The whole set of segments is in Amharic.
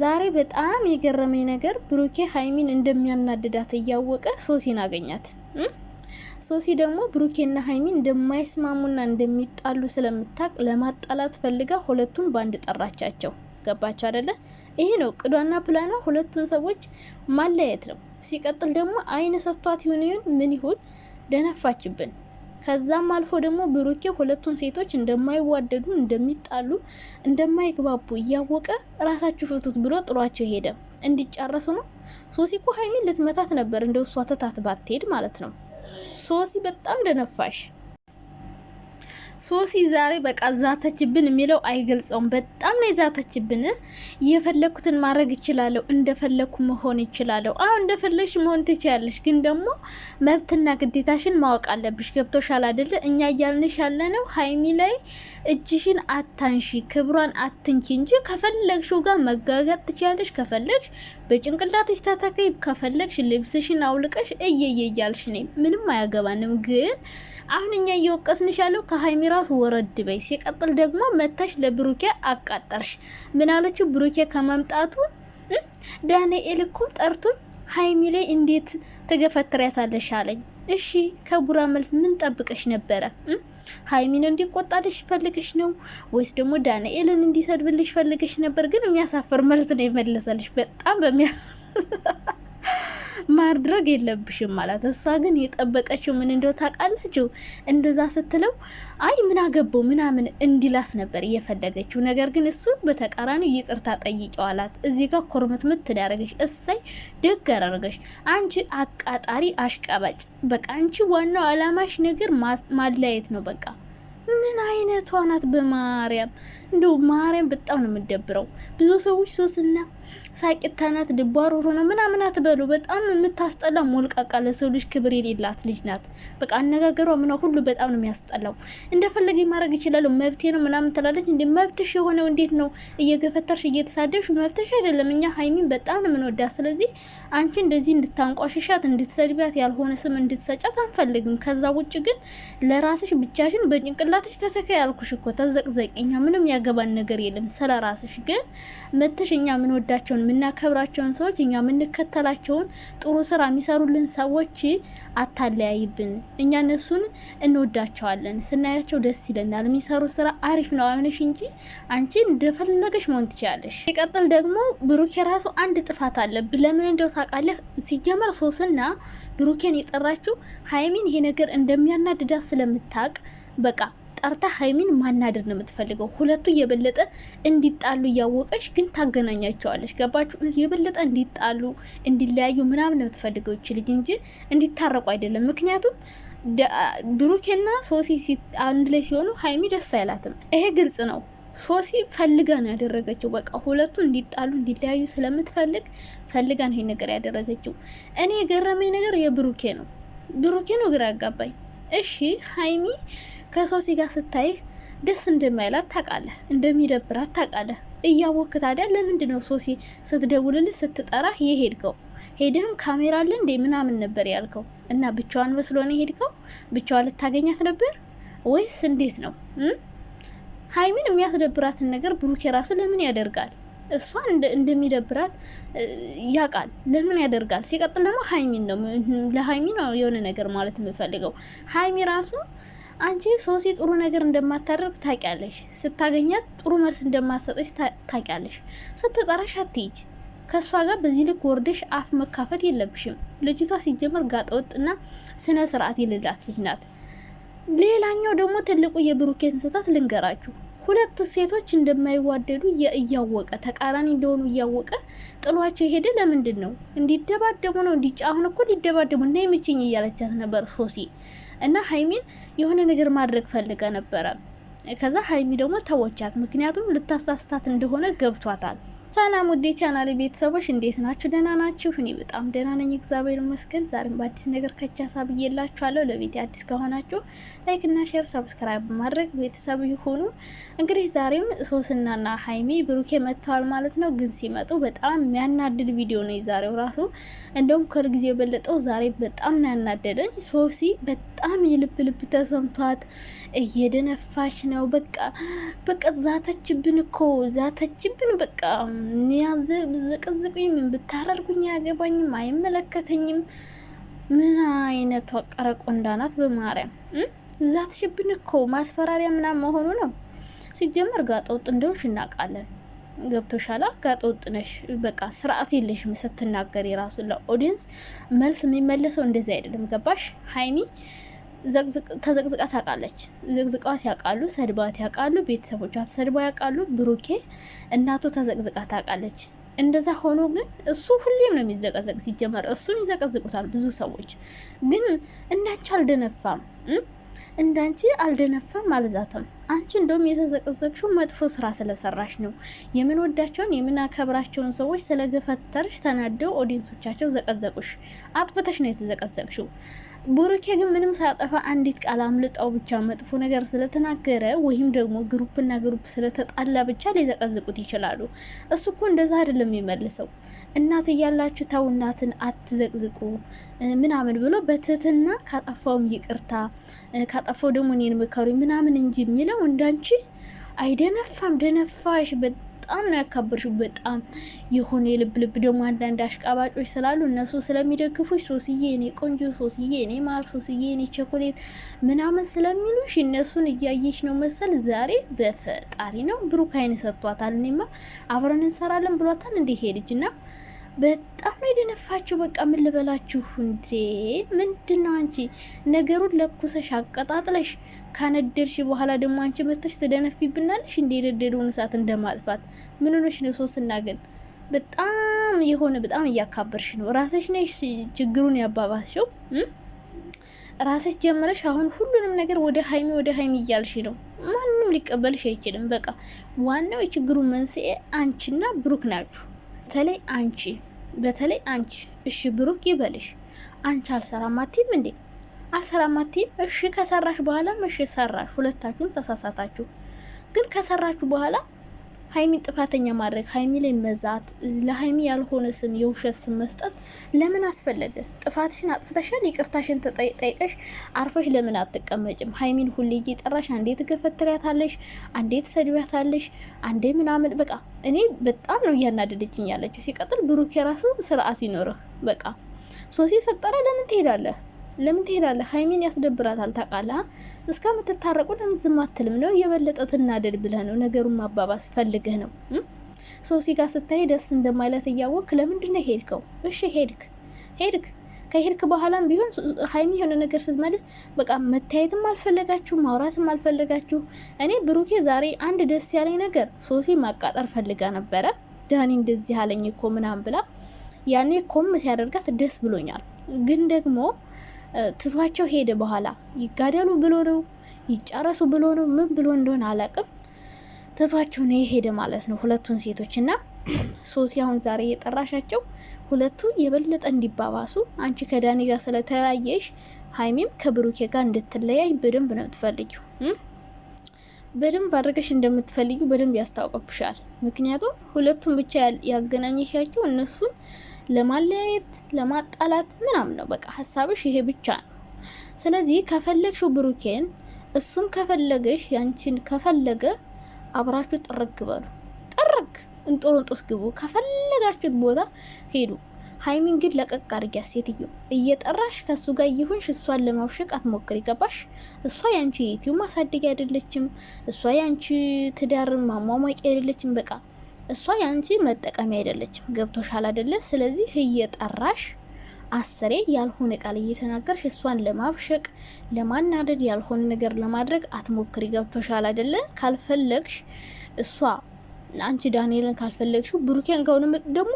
ዛሬ በጣም የገረመኝ ነገር ብሩኬ ሀይሚን እንደሚያናድዳት እያወቀ ሶሲን አገኛት። ሶሲ ደግሞ ብሩኬና ሀይሚን እንደማይስማሙና እንደሚጣሉ ስለምታቅ ለማጣላት ፈልጋ ሁለቱን በአንድ ጠራቻቸው። ገባቸው አደለ? ይሄ ነው ቅዷና ፕላኗ፣ ሁለቱን ሰዎች ማለያየት ነው። ሲቀጥል ደግሞ አይን ሰጥቷት ይሁን ይሁን ምን ይሁን ደነፋችብን። ከዛም አልፎ ደግሞ ብሩኬ ሁለቱን ሴቶች እንደማይዋደዱ፣ እንደሚጣሉ፣ እንደማይግባቡ እያወቀ ራሳችሁ ፍቱት ብሎ ጥሏቸው ሄደ። እንዲጫረሱ ነው። ሶሲ እኮ ሀይሚን ልትመታት ነበር እንደ እሷ ትታት ባትሄድ ማለት ነው። ሶሲ በጣም ደነፋሽ ሶሲ ዛሬ በቃ ዛተችብን የሚለው አይገልጸውም። በጣም ነው የዛተችብን። የፈለግኩትን ማድረግ ይችላለሁ፣ እንደፈለግኩ መሆን ይችላለሁ። አሁ እንደፈለግሽ መሆን ትችያለሽ፣ ግን ደግሞ መብትና ግዴታሽን ማወቅ አለብሽ። ገብቶሻል አይደለ? እኛ እያልንሽ ያለ ነው ሀይሚ ላይ እጅሽን አታንሺ፣ ክብሯን አትንኪ እንጂ ከፈለግሽው ጋር መጋጋጥ ትችያለሽ። ከፈለግሽ በጭንቅላትሽ ተተከይ፣ ከፈለግሽ ልብስሽን አውልቀሽ እየየ እያልሽ ነ ምንም አያገባንም ግን አሁን እኛ እየወቀስንሽ ያለው ከሀይሚ ራስ ወረድ በይ። ሲቀጥል ደግሞ መታሽ ለብሩኬ አቃጠርሽ። ምን አለችው? ብሩኬ ከመምጣቱ ዳንኤል እኮ ጠርቶኝ ሀይሚ ላይ እንዴት ትገፈትሪያታለሽ አለኝ። እሺ ከቡራ መልስ ምን ጠብቀሽ ነበረ? ሀይሚን እንዲቆጣልሽ ፈልገሽ ነው ወይስ ደግሞ ዳንኤልን እንዲሰድብልሽ ፈልገሽ ነበር? ግን የሚያሳፍር መልስ ነው የመለሰልሽ በጣም በሚያ ማድረግ የለብሽም ማለት እሷ ግን የጠበቀችው ምን እንደው ታውቃላችሁ? እንደዛ ስትለው አይ ምን አገባው ምናምን እንዲላት ነበር እየፈለገችው። ነገር ግን እሱ በተቃራኒው ይቅርታ ጠይቀው አላት። እዚህ ጋር ኮርመት ምትል ያደረገሽ እሰይ ደግ ያደረገች አንቺ አቃጣሪ አሽቃባጭ፣ በቃ አንቺ ዋናው አላማሽ ነገር ማለያየት ነው በቃ ምን አይነቷ ናት? በማርያም እንደው ማርያም በጣም ነው የምደብረው። ብዙ ሰዎች ሶስና ሳቂታ ናት፣ ነው ምናምን አትበሉ። በጣም የምታስጠላ ሞልቃቃ፣ ለሰው ልጅ ክብር የሌላት ልጅ ናት። በቃ አነጋገሯ ምና ሁሉ በጣም ነው የሚያስጠላው። እንደፈለገ ማድረግ ይችላለሁ መብቴ ነው ምናምን ትላለች። እንደ መብትሽ የሆነው እንዴት ነው እየገፈተርሽ እየተሳደብሽ? መብትሽ አይደለም። እኛ ሀይሚን በጣም ነው የምንወዳት። ስለዚህ አንቺ እንደዚህ እንድታንቋሽሻት፣ እንድትሰድቢያት፣ ያልሆነ ስም እንድትሰጫት አንፈልግም። ከዛ ውጭ ግን ለራስሽ ብቻሽን በጭንቅላትሽ ተተካ ያልኩሽ እኮ ተዘቅዘቅ። እኛ ምንም ያገባን ነገር የለም። ስለ ራስሽ ግን መተሽ እኛ ምንወዳ የምንወዳቸውን የምናከብራቸውን ሰዎች እኛ የምንከተላቸውን ጥሩ ስራ የሚሰሩልን ሰዎች አታለያይብን። እኛ እነሱን እንወዳቸዋለን፣ ስናያቸው ደስ ይለናል። የሚሰሩ ስራ አሪፍ ነው አልነሽ እንጂ አንቺ እንደፈለገሽ መሆን ትችላለሽ። ይቀጥል ደግሞ ብሩኬ ራሱ አንድ ጥፋት አለ ለምን እንደው ታውቃለህ? ሲጀመር ሶስና ብሩኬን የጠራችው ሀይሚን ይሄ ነገር እንደሚያናድዳት ስለምታውቅ በቃ አጣርታ ሀይሚን ማናደር ነው የምትፈልገው። ሁለቱ የበለጠ እንዲጣሉ እያወቀች ግን ታገናኛቸዋለች። ገባችሁ? የበለጠ እንዲጣሉ እንዲለያዩ ምናምን ነው የምትፈልገው ይች ልጅ እንጂ እንዲታረቁ አይደለም። ምክንያቱም ብሩኬና ሶሲ አንድ ላይ ሲሆኑ ሀይሚ ደስ አይላትም። ይሄ ግልጽ ነው። ሶሲ ፈልጋ ነው ያደረገችው። በቃ ሁለቱ እንዲጣሉ እንዲለያዩ ስለምትፈልግ ፈልጋ ነው ይሄ ነገር ያደረገችው። እኔ የገረመኝ ነገር የብሩኬ ነው። ብሩኬ ነው ግራ ያጋባኝ። እሺ ሀይሚ ከሶሲ ጋር ስታይህ ደስ እንደማይላት ታውቃለህ፣ እንደሚደብራት ታውቃለህ። እያወክ ታዲያ ለምንድን ነው ሶሲ ስትደውልልህ ስትጠራህ የሄድከው? ሄደህም ካሜራ አለ እንዴ ምናምን ነበር ያልከው። እና ብቻዋን መስሎን የሄድከው? ብቻዋ ልታገኛት ነበር ወይስ እንዴት ነው? ሀይሚን የሚያስደብራትን ነገር ብሩኬ ራሱ ለምን ያደርጋል? እሷ እንደሚደብራት ያውቃል። ለምን ያደርጋል? ሲቀጥል ደግሞ ሀይሚን ነው ለሀይሚ ነው የሆነ ነገር ማለት የምፈልገው ሀይሚ ራሱ አንቺ ሶሲ ጥሩ ነገር እንደማታደርግ ታውቂያለሽ። ስታገኛት ጥሩ መልስ እንደማትሰጠች ታውቂያለሽ። ስትጠራሽ አትይጅ። ከእሷ ጋር በዚህ ልክ ወርደሽ አፍ መካፈት የለብሽም። ልጅቷ ሲጀመር ጋጠወጥና ስነ ስርዓት የሌላት ልጅ ናት። ሌላኛው ደግሞ ትልቁ የብሩኬን ስህተት ልንገራችሁ። ሁለት ሴቶች እንደማይዋደዱ እያወቀ ተቃራኒ እንደሆኑ እያወቀ ጥሏቸው የሄደ ለምንድን ነው? እንዲደባደቡ ነው። እንዲ አሁን እኮ ሊደባደቡ እና የምችኝ እያለቻት ነበር ሶሴ እና ሀይሚን የሆነ ነገር ማድረግ ፈልገ ነበረ። ከዛ ሀይሚ ደግሞ ተወቻት፣ ምክንያቱም ልታሳስታት እንደሆነ ገብቷታል። ሰላም ውዴ ቻናል ቤተሰቦች እንዴት ናችሁ? ደህና ናችሁ? እኔ በጣም ደህና ነኝ፣ እግዚአብሔር ይመስገን። ዛሬም በአዲስ ነገር ከቻ ሳብዬላችኋለሁ። ለቤት አዲስ ከሆናችሁ ላይክ እና ሼር፣ ሰብስክራይብ በማድረግ ቤተሰብ ይሁኑ። እንግዲህ ዛሬም ሶስናና ሀይሚ ብሩኬ መጥተዋል ማለት ነው። ግን ሲመጡ በጣም የሚያናድድ ቪዲዮ ነው የዛሬው ራሱ። እንደውም ከልጊዜ የበለጠው ዛሬ በጣም ነው ያናደደኝ ሶሲ በጣም የልብ ልብ ተሰምቷት እየደነፋች ነው። በቃ በቃ ዛተችብን እኮ ዛተችብን። በቃ ብዘቀዝቁኝ፣ ምን ብታረርጉኝ አያገባኝም፣ አይመለከተኝም። ምን አይነት ቀረቆንዳ ናት! በማርያም ዛተችብን እኮ ማስፈራሪያ ምናምን መሆኑ ነው። ሲጀመር ጋጠወጥ እንደሆንሽ እናውቃለን። ገብቶሻላ ጋጠወጥ ነሽ። በቃ ስርዓት የለሽም ስትናገር የራሱ ለኦዲየንስ መልስ የሚመለሰው እንደዚህ አይደለም። ገባሽ ሀይሚ? ተዘቅዝቃ ታውቃለች። ዘቅዝቃት ያውቃሉ፣ ሰድባት ያውቃሉ፣ ቤተሰቦቿ ተሰድባ ያውቃሉ። ብሩኬ እናቱ ተዘቅዝቃ ታውቃለች። እንደዛ ሆኖ ግን እሱ ሁሌም ነው የሚዘቀዘቅ። ሲጀመር እሱን ይዘቀዝቁታል ብዙ ሰዎች። ግን እንዳንቺ አልደነፋም፣ እንዳንቺ አልደነፋም አልዛትም። አንቺ እንደውም የተዘቀዘቅሽው መጥፎ ስራ ስለሰራሽ ነው። የምንወዳቸውን የምናከብራቸውን ሰዎች ስለገፈተርሽ ተናደው ኦዲየንሶቻቸው ዘቀዘቁሽ። አጥፍተሽ ነው የተዘቀዘቅሽው። ቡሩኬ ግን ምንም ሳያጠፋ አንዲት ቃል አምልጣው ብቻ መጥፎ ነገር ስለተናገረ ወይም ደግሞ ግሩፕና ግሩፕ ስለተጣላ ብቻ ሊዘቀዝቁት ይችላሉ። እሱ እኮ እንደዛ አይደለም የሚመልሰው። እናት እያላችሁ ተው እናትን አትዘቅዝቁ ምናምን ብሎ በትህትና ካጠፋውም ይቅርታ ካጠፋው ደግሞ እኔን ምከሩኝ ምናምን እንጂ የሚለው እንዳንቺ አይደነፋም። ደነፋሽ በጣም ነው ያካበርሽው። በጣም የሆነ የልብ ልብ ደግሞ አንዳንድ አሽቃባጮች ስላሉ እነሱ ስለሚደግፉሽ ሶስዬ እኔ ቆንጆ፣ ሶስዬ እኔ ማር፣ ሶስዬ እኔ ቸኮሌት ምናምን ስለሚሉሽ እነሱን እያየሽ ነው መሰል። ዛሬ በፈጣሪ ነው ብሩክ አይን ሰጥቷታል። እኔማ አብረን እንሰራለን ብሏታል ሄድጅ ና በጣም የደነፋችሁ። በቃ ምን ልበላችሁ እንዴ! ምንድን ነው አንቺ ነገሩን ለኩሰሽ አቀጣጥለሽ ካነደርሽ በኋላ ደግሞ አንቺ መተሽ ትደነፊብናለሽ እንዴ! የደደደውን እሳት እንደማጥፋት ምን ሆነሽ ነው? ሶስና ግን በጣም የሆነ በጣም እያካበርሽ ነው። ራስሽ ነሽ ችግሩን ያባባስሽው። ራስሽ ጀምረሽ አሁን ሁሉንም ነገር ወደ ሀይሚ ወደ ሀይሚ እያልሽ ነው። ማንም ሊቀበልሽ አይችልም። በቃ ዋናው የችግሩ መንስኤ አንቺና ብሩክ ናችሁ። በተለይ አንቺ በተለይ አንቺ እሺ ብሩክ ይበልሽ። አንቺ አልሰራም አትይም እንዴ? አልሰራም አትይም? እሺ ከሰራሽ በኋላም እሺ ሰራሽ፣ ሁለታችሁም ተሳሳታችሁ። ግን ከሰራችሁ በኋላ ሀይሚን ጥፋተኛ ማድረግ፣ ሀይሚ ላይ መዛት፣ ለሀይሚ ያልሆነ ስም የውሸት ስም መስጠት ለምን አስፈለገ? ጥፋትሽን አጥፍተሻል፣ ይቅርታሽን ተጠይቀሽ አርፈሽ ለምን አትቀመጭም? ሀይሚን ሁሌ እየጠራሽ አንዴ ትገፈትሪያታለሽ፣ አንዴ ትሰድቢያታለሽ፣ አንዴ ምናምን በቃ እኔ በጣም ነው እያናደደችኝ ያለችው። ሲቀጥል ብሩክ የራሱ ስርዓት ይኖርህ። በቃ ሶሲ ሰጠረ ለምን ትሄዳለህ? ለምን ትሄዳለህ? ሀይሚን ያስደብራታል ታውቃለህ። እስከምትታረቁ ለምን ዝም አትልም? ነው የበለጠ ትናደድ ብለህ ነው ነገሩን ማባባስ ፈልገህ ነው። ሶሲ ጋር ስታይ ደስ እንደማይለት እያወቅህ ለምንድን ነው ሄድከው? እሺ ሄድክ ሄድክ ከሄድክ በኋላም ቢሆን ሀይሚ የሆነ ነገር ስትመልስ በቃ መታየትም አልፈለጋችሁ ማውራትም አልፈለጋችሁ። እኔ ብሩኬ ዛሬ አንድ ደስ ያለኝ ነገር ሶሲ ማቃጠር ፈልጋ ነበረ። ዳኒ እንደዚህ አለኝ እኮ ምናምን ብላ ያኔ ኮም ሲያደርጋት ደስ ብሎኛል። ግን ደግሞ ትቷቸው ሄደ። በኋላ ይጋደሉ ብሎ ነው ይጨረሱ ብሎ ነው ምን ብሎ እንደሆነ አላቅም። ትቷቸው ነው የሄደ ማለት ነው ሁለቱን ሴቶች እና ሶሲ አሁን ዛሬ እየጠራሻቸው ሁለቱ የበለጠ እንዲባባሱ አንቺ ከዳኒ ጋር ስለተለያየሽ ሀይሚም ከብሩኬ ጋር እንድትለያይ በደንብ ነው የምትፈልጊው። በደንብ አድርገሽ እንደምትፈልጊው በደንብ ያስታውቅብሻል። ምክንያቱም ሁለቱን ብቻ ያገናኘሻቸው እነሱን ለማለያየት፣ ለማጣላት ምናምን ነው። በቃ ሀሳብሽ ይሄ ብቻ ነው። ስለዚህ ከፈለግሽው ብሩኬን እሱም ከፈለገሽ ያንቺን ከፈለገ አብራችሁ ጥርግ በሉ። ጥርግ እንጦሮንጦስ ግቡ። ከፈለጋችሁት ቦታ ሄዱ። ሀይሚን ግን ለቀቅ አድርጊያ። ሴትዮ እየጠራሽ ከእሱ ጋር ይሁንሽ፣ እሷን ለማብሸቅ አትሞክር። ይገባሽ? እሷ ያንቺ የትዩ ማሳደግ አይደለችም። እሷ ያንቺ ትዳርን ማሟሟቂ አይደለችም። በቃ እሷ ያንቺ መጠቀሚያ አይደለችም። ገብቶሻል አይደለ? ስለዚህ እየጠራሽ አስሬ ያልሆነ ቃል እየተናገርሽ እሷን ለማብሸቅ ለማናደድ ያልሆነ ነገር ለማድረግ አትሞክሪ። ገብቶሻል አይደለ? ካልፈለግሽ እሷ አንቺ ዳንኤልን ካልፈለግሽ ብሩኬን ከሆነ ደግሞ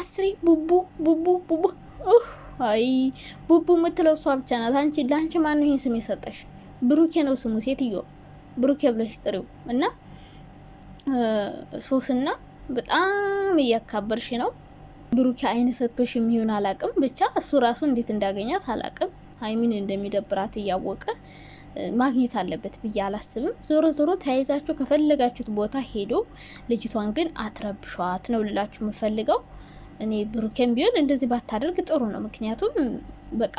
አስሬ ቡቡ ቡቡ ቡቡ አይ ቡቡ የምትለው እሷ ብቻ ናት። አንቺ ለአንቺ ማነው ይህን ስም የሰጠሽ? ብሩኬ ነው ስሙ። ሴትዮ ብሩኬ ብለሽ ጥሪው እና ሶስና በጣም እያካበርሽ ነው። ብሩኪ አይን ሰጥቶሽ የሚሆን አላቅም። ብቻ እሱ ራሱ እንዴት እንዳገኛት አላቅም። ሀይሚን እንደሚደብራት እያወቀ ማግኘት አለበት ብዬ አላስብም። ዞሮ ዞሮ ተያይዛችሁ ከፈለጋችሁት ቦታ ሄዶ ልጅቷን ግን አትረብሿት ነው ልላችሁ የምፈልገው። እኔ ብሩኬም ቢሆን እንደዚህ ባታደርግ ጥሩ ነው። ምክንያቱም በቃ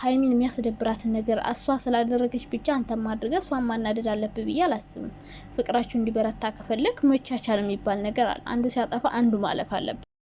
ሀይሚን የሚያስደብራትን ነገር እሷ ስላደረገች ብቻ አንተም ማድረገ እሷን ማናደድ አለብህ ብዬ አላስብም። ፍቅራችሁ እንዲበረታ ከፈለግ መቻቻል የሚባል ነገር አለ። አንዱ ሲያጠፋ አንዱ ማለፍ አለብ